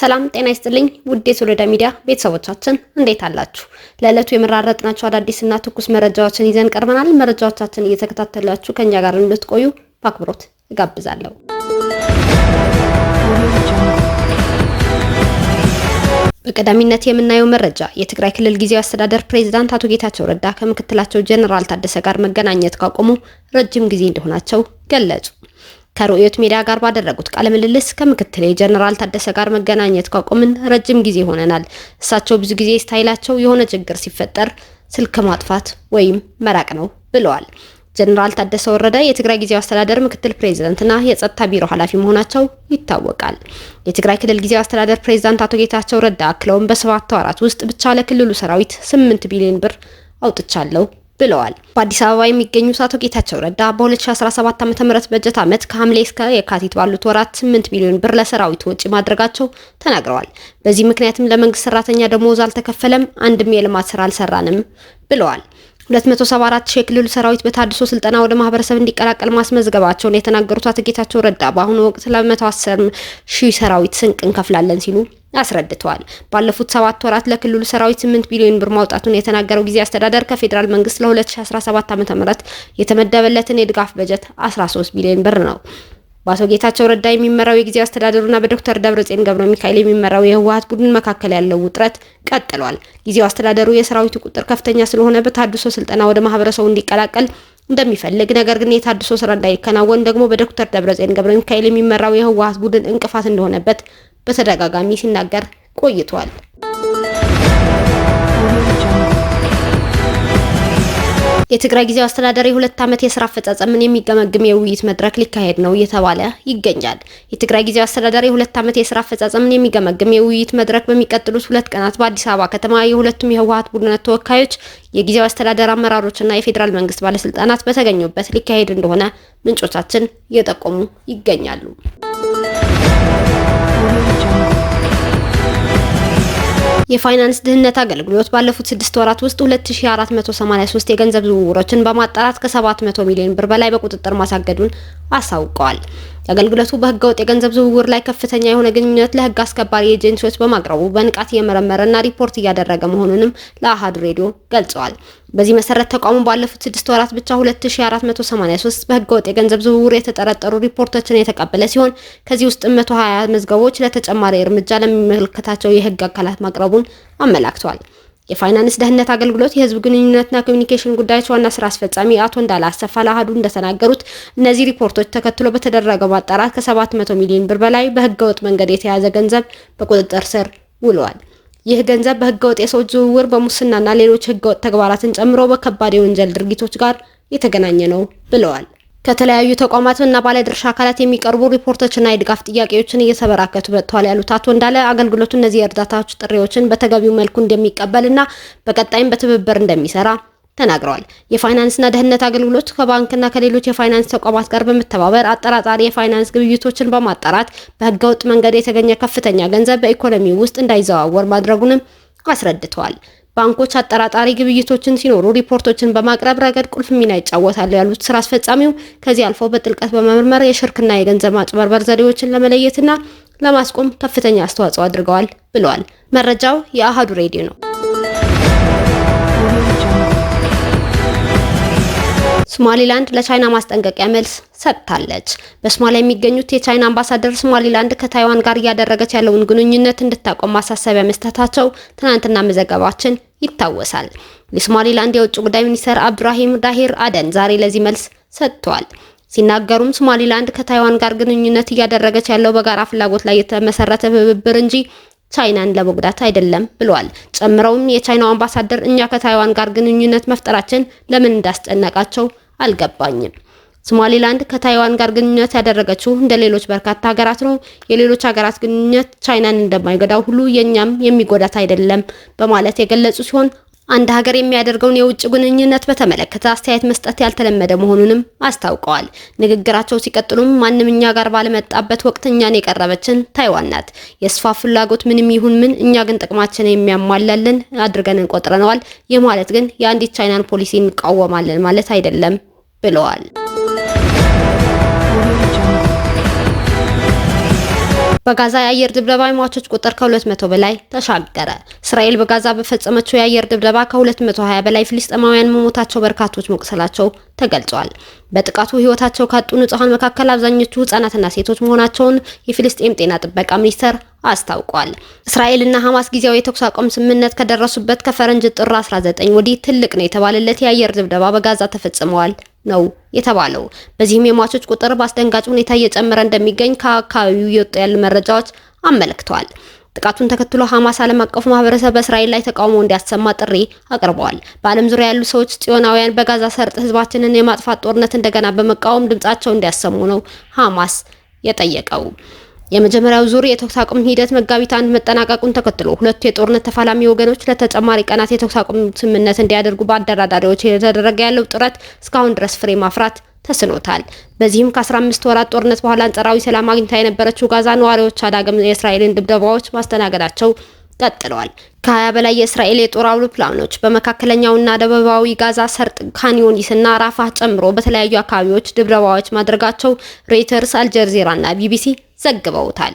ሰላም ጤና ይስጥልኝ ውድ የሶሎዳ ሚዲያ ቤተሰቦቻችን እንዴት አላችሁ? ለዕለቱ የመራረጥናቸው አዳዲስና ትኩስ መረጃዎችን ይዘን ቀርበናል። መረጃዎቻችን እየተከታተላችሁ ከእኛ ጋር እንድትቆዩ በአክብሮት እጋብዛለሁ። በቀዳሚነት የምናየው መረጃ የትግራይ ክልል ጊዜያዊ አስተዳደር ፕሬዝዳንት አቶ ጌታቸው ረዳ ከምክትላቸው ጀኔራል ታደሰ ጋር መገናኘት ካቆሙ ረጅም ጊዜ እንደሆናቸው ገለጹ። ከሩዕዮት ሚዲያ ጋር ባደረጉት ቃለ ምልልስ ከምክትል ጀነራል ታደሰ ጋር መገናኘት ካቆምን ረጅም ጊዜ ሆነናል። እሳቸው ብዙ ጊዜ ስታይላቸው የሆነ ችግር ሲፈጠር ስልክ ማጥፋት ወይም መራቅ ነው ብለዋል። ጀነራል ታደሰ ወረደ የትግራይ ጊዜያዊ አስተዳደር ምክትል ፕሬዝዳንትና የጸጥታ ቢሮ ኃላፊ መሆናቸው ይታወቃል። የትግራይ ክልል ጊዜያዊ አስተዳደር ፕሬዝዳንት አቶ ጌታቸው ረዳ አክለውም በሰባት ወራት ውስጥ ብቻ ለክልሉ ሰራዊት ስምንት ቢሊዮን ብር አውጥቻለሁ ብለዋል። በአዲስ አበባ የሚገኙት አቶ ጌታቸው ረዳ በ2017 ዓ ም በጀት ዓመት ከሐምሌ እስከ የካቲት ባሉት ወራት 8 ሚሊዮን ብር ለሰራዊቱ ወጪ ማድረጋቸው ተናግረዋል። በዚህ ምክንያትም ለመንግስት ሰራተኛ ደሞዝ አልተከፈለም፣ አንድም የልማት ስራ አልሰራንም ብለዋል። 274 ሺህ የክልሉ ሰራዊት በታድሶ ስልጠና ወደ ማህበረሰብ እንዲቀላቀል ማስመዝገባቸውን የተናገሩት አቶ ጌታቸው ረዳ በአሁኑ ወቅት ለ110 ሺህ ሰራዊት ስንቅ እንከፍላለን ሲሉ አስረድተዋል። ባለፉት ሰባት ወራት ለክልሉ ሰራዊት 8 ቢሊዮን ብር ማውጣቱን የተናገረው ጊዜ አስተዳደር ከፌዴራል መንግስት ለ2017 ዓ.ም የተመደበለትን የድጋፍ በጀት 13 ቢሊዮን ብር ነው በአቶ ጌታቸው ረዳ የሚመራው የጊዜ አስተዳደሩና በዶክተር ደብረጽዮን ገብረ ሚካኤል የሚመራው የህወሀት ቡድን መካከል ያለው ውጥረት ቀጥሏል። ጊዜው አስተዳደሩ የሰራዊቱ ቁጥር ከፍተኛ ስለሆነ በታድሶ ስልጠና ወደ ማህበረሰቡ እንዲቀላቀል እንደሚፈልግ፣ ነገር ግን የታድሶ ስራ እንዳይከናወን ደግሞ በዶክተር ደብረጽዮን ገብረ ሚካኤል የሚመራው የህወሀት ቡድን እንቅፋት እንደሆነበት በተደጋጋሚ ሲናገር ቆይቷል። የትግራይ ጊዜያዊ አስተዳደር የሁለት ዓመት የስራ አፈጻጸምን የሚገመግም የውይይት መድረክ ሊካሄድ ነው እየተባለ ይገኛል። የትግራይ ጊዜያዊ አስተዳደር የሁለት ዓመት የስራ አፈጻጸምን የሚገመግም የውይይት መድረክ በሚቀጥሉት ሁለት ቀናት በአዲስ አበባ ከተማ የሁለቱም የህወሀት ቡድነት ተወካዮች፣ የጊዜያዊ አስተዳደር አመራሮችና የፌዴራል መንግስት ባለስልጣናት በተገኙበት ሊካሄድ እንደሆነ ምንጮቻችን እየጠቆሙ ይገኛሉ። የፋይናንስ ድህነት አገልግሎት ባለፉት ስድስት ወራት ውስጥ 2483 የገንዘብ ዝውውሮችን በማጣራት ከ700 ሚሊዮን ብር በላይ በቁጥጥር ማሳገዱን አሳውቀዋል። አገልግሎቱ በህገወጥ የገንዘብ ዝውውር ላይ ከፍተኛ የሆነ ግንኙነት ለህግ አስከባሪ ኤጀንሲዎች በማቅረቡ በንቃት እየመረመረና ሪፖርት እያደረገ መሆኑንም ለአሃዱ ሬዲዮ ገልጸዋል። በዚህ መሰረት ተቋሙ ባለፉት ስድስት ወራት ብቻ 2483 በህገወጥ የገንዘብ ዝውውር የተጠረጠሩ ሪፖርቶችን የተቀበለ ሲሆን ከዚህ ውስጥ 120 መዝገቦች ለተጨማሪ እርምጃ ለሚመለከታቸው የህግ አካላት ማቅረቡን አመላክቷል። የፋይናንስ ደህንነት አገልግሎት የህዝብ ግንኙነትና ኮሚኒኬሽን ጉዳዮች ዋና ስራ አስፈጻሚ አቶ እንዳለ አሰፋ ለአሀዱ እንደተናገሩት እነዚህ ሪፖርቶች ተከትሎ በተደረገው ማጣራት ከ700 ሚሊዮን ብር በላይ በህገወጥ መንገድ የተያዘ ገንዘብ በቁጥጥር ስር ውሏል። ይህ ገንዘብ በህገወጥ የሰዎች ዝውውር፣ በሙስናና ሌሎች ህገወጥ ተግባራትን ጨምሮ በከባድ የወንጀል ድርጊቶች ጋር የተገናኘ ነው ብለዋል። ከተለያዩ ተቋማትና ባለድርሻ አካላት የሚቀርቡ ሪፖርቶችና የድጋፍ ጥያቄዎችን እየተበራከቱ መጥተዋል ያሉት አቶ እንዳለ አገልግሎቱ እነዚህ የእርዳታዎች ጥሪዎችን በተገቢው መልኩ እንደሚቀበልና በቀጣይም በትብብር እንደሚሰራ ተናግረዋል። የፋይናንስና ደህንነት አገልግሎት ከባንክና ከሌሎች የፋይናንስ ተቋማት ጋር በመተባበር አጠራጣሪ የፋይናንስ ግብይቶችን በማጣራት በህገወጥ መንገድ የተገኘ ከፍተኛ ገንዘብ በኢኮኖሚ ውስጥ እንዳይዘዋወር ማድረጉንም አስረድተዋል። ባንኮች አጠራጣሪ ግብይቶችን ሲኖሩ ሪፖርቶችን በማቅረብ ረገድ ቁልፍ ሚና ይጫወታሉ ያሉት ስራ አስፈጻሚው ከዚህ አልፎ በጥልቀት በመመርመር የሽርክና የገንዘብ ማጭበርበር ዘዴዎችን ለመለየትና ለማስቆም ከፍተኛ አስተዋጽኦ አድርገዋል ብለዋል። መረጃው የአሃዱ ሬዲዮ ነው። ሶማሊላንድ ለቻይና ማስጠንቀቂያ መልስ ሰጥታለች። በሶማሊያ የሚገኙት የቻይና አምባሳደር ሶማሊላንድ ከታይዋን ጋር እያደረገች ያለውን ግንኙነት እንድታቆም ማሳሰቢያ መስጠታቸው ትናንትና መዘገባችን ይታወሳል። የሶማሊላንድ የውጭ ጉዳይ ሚኒስትር አብዱራሂም ዳሂር አደን ዛሬ ለዚህ መልስ ሰጥቷል። ሲናገሩም ሶማሊላንድ ከታይዋን ጋር ግንኙነት እያደረገች ያለው በጋራ ፍላጎት ላይ የተመሰረተ ትብብር እንጂ ቻይናን ለመጉዳት አይደለም ብሏል። ጨምረውም የቻይናው አምባሳደር እኛ ከታይዋን ጋር ግንኙነት መፍጠራችን ለምን እንዳስጨነቃቸው አልገባኝም። ሶማሊላንድ ከታይዋን ጋር ግንኙነት ያደረገችው እንደ ሌሎች በርካታ ሀገራት ነው። የሌሎች ሀገራት ግንኙነት ቻይናን እንደማይጎዳው ሁሉ የእኛም የሚጎዳት አይደለም በማለት የገለጹ ሲሆን አንድ ሀገር የሚያደርገውን የውጭ ግንኙነት በተመለከተ አስተያየት መስጠት ያልተለመደ መሆኑንም አስታውቀዋል። ንግግራቸው ሲቀጥሉም ማንም እኛ ጋር ባለመጣበት ወቅት እኛን የቀረበችን ታይዋን ናት። የስፋ ፍላጎት ምንም ይሁን ምን እኛ ግን ጥቅማችን የሚያሟላልን አድርገን እንቆጥረነዋል። ይህ ማለት ግን የአንዲት ቻይናን ፖሊሲ እንቃወማለን ማለት አይደለም ብለዋል። በጋዛ የአየር ድብደባ የሟቾች ቁጥር ከ200 በላይ ተሻገረ። እስራኤል በጋዛ በፈጸመችው የአየር ድብደባ ከ220 በላይ ፍልስጤማውያን መሞታቸው፣ በርካቶች መቁሰላቸው ተገልጿል። በጥቃቱ ህይወታቸው ካጡ ንጹሐን መካከል አብዛኞቹ ህጻናትና ሴቶች መሆናቸውን የፊልስጤም ጤና ጥበቃ ሚኒስቴር አስታውቋል። እስራኤልና ሐማስ ጊዜያዊ የተኩስ አቁም ስምምነት ከደረሱበት ከፈረንጅ ጥር 19 ወዲህ ትልቅ ነው የተባለለት የአየር ድብደባ በጋዛ ተፈጽመዋል ነው የተባለው። በዚህም የሟቾች ቁጥር በአስደንጋጭ ሁኔታ እየጨመረ እንደሚገኝ ከአካባቢው የወጡ ያሉ መረጃዎች አመለክተዋል። ጥቃቱን ተከትሎ ሐማስ ዓለም አቀፉ ማህበረሰብ በእስራኤል ላይ ተቃውሞ እንዲያሰማ ጥሪ አቅርበዋል። በዓለም ዙሪያ ያሉ ሰዎች ጽዮናውያን በጋዛ ሰርጥ ህዝባችንን የማጥፋት ጦርነት እንደገና በመቃወም ድምጻቸው እንዲያሰሙ ነው ሐማስ የጠየቀው። የመጀመሪያው ዙር የተኩስ አቁም ሂደት መጋቢት አንድ መጠናቀቁን ተከትሎ ሁለቱ የጦርነት ተፋላሚ ወገኖች ለተጨማሪ ቀናት የተኩስ አቁም ስምምነት እንዲያደርጉ በአደራዳሪዎች የተደረገ ያለው ጥረት እስካሁን ድረስ ፍሬ ማፍራት ተስኖታል። በዚህም ከ15 ወራት ጦርነት በኋላ አንጻራዊ ሰላም አግኝታ የነበረችው ጋዛ ነዋሪዎች አዳግም የእስራኤልን ድብደባዎች ማስተናገዳቸው ቀጥለዋል። ከ20 በላይ የእስራኤል የጦር አውሮፕላኖች በመካከለኛውና ደቡባዊ ጋዛ ሰርጥ ካንዮኒስና ራፋ ጨምሮ በተለያዩ አካባቢዎች ድብደባዎች ማድረጋቸው ሮይተርስ፣ አልጀዚራና ቢቢሲ ዘግበውታል።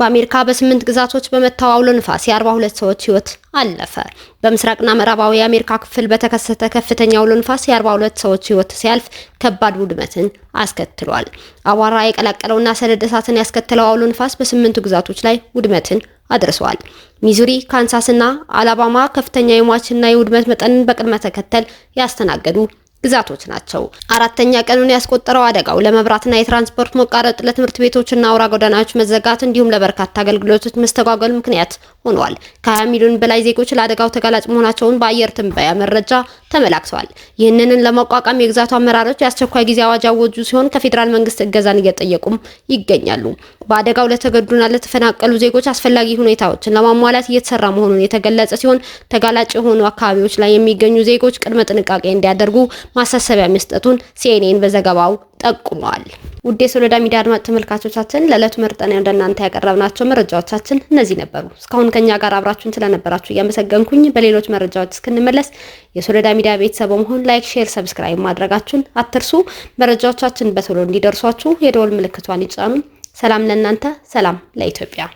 በአሜሪካ በስምንት ግዛቶች በመታው አውሎ ንፋስ የአርባ ሁለት ሰዎች ህይወት አለፈ። በምስራቅና ምዕራባዊ የአሜሪካ ክፍል በተከሰተ ከፍተኛ አውሎ ንፋስ የአርባ ሁለት ሰዎች ህይወት ሲያልፍ ከባድ ውድመትን አስከትሏል። አቧራ የቀላቀለውና ሰደድ እሳትን ያስከተለው አውሎ ንፋስ በስምንቱ ግዛቶች ላይ ውድመትን አድርሷል። ሚዙሪ፣ ካንሳስና አላባማ ከፍተኛ የሟችና የውድመት መጠንን በቅድመ ተከተል ያስተናገዱ ግዛቶች ናቸው። አራተኛ ቀኑን ያስቆጠረው አደጋው ለመብራትና የትራንስፖርት መቋረጥ፣ ለትምህርት ቤቶችና አውራ ጎዳናዎች መዘጋት እንዲሁም ለበርካታ አገልግሎቶች መስተጓጎል ምክንያት ሆነዋል። ከ20 ሚሊዮን በላይ ዜጎች ለአደጋው ተጋላጭ መሆናቸውን በአየር ትንበያ መረጃ ተመላክተዋል። ይህንንን ለማቋቋም የግዛቱ አመራሮች የአስቸኳይ ጊዜ አዋጅ አወጁ ሲሆን ከፌዴራል መንግስት እገዛን እየጠየቁም ይገኛሉ። በአደጋው ለተገዱና ለተፈናቀሉ ዜጎች አስፈላጊ ሁኔታዎችን ለማሟላት እየተሰራ መሆኑን የተገለጸ ሲሆን ተጋላጭ የሆኑ አካባቢዎች ላይ የሚገኙ ዜጎች ቅድመ ጥንቃቄ እንዲያደርጉ ማሳሰቢያ መስጠቱን ሲኤንኤን በዘገባው ጠቁመዋል። ውድ የሶሎዳ ሚዲያ አድማጭ ተመልካቾቻችን ለዕለቱ መርጠን ወደ እናንተ ያቀረብናቸው መረጃዎቻችን እነዚህ ነበሩ። እስካሁን ከኛ ጋር አብራችሁን ስለነበራችሁ እያመሰገንኩኝ በሌሎች መረጃዎች እስክንመለስ የሶሎዳ ሚዲያ ቤተሰብ በመሆን ላይክ፣ ሼር፣ ሰብስክራይብ ማድረጋችሁን አትርሱ። መረጃዎቻችን በቶሎ እንዲደርሷችሁ የደወል ምልክቷን ይጫኑ። ሰላም ለእናንተ፣ ሰላም ለኢትዮጵያ።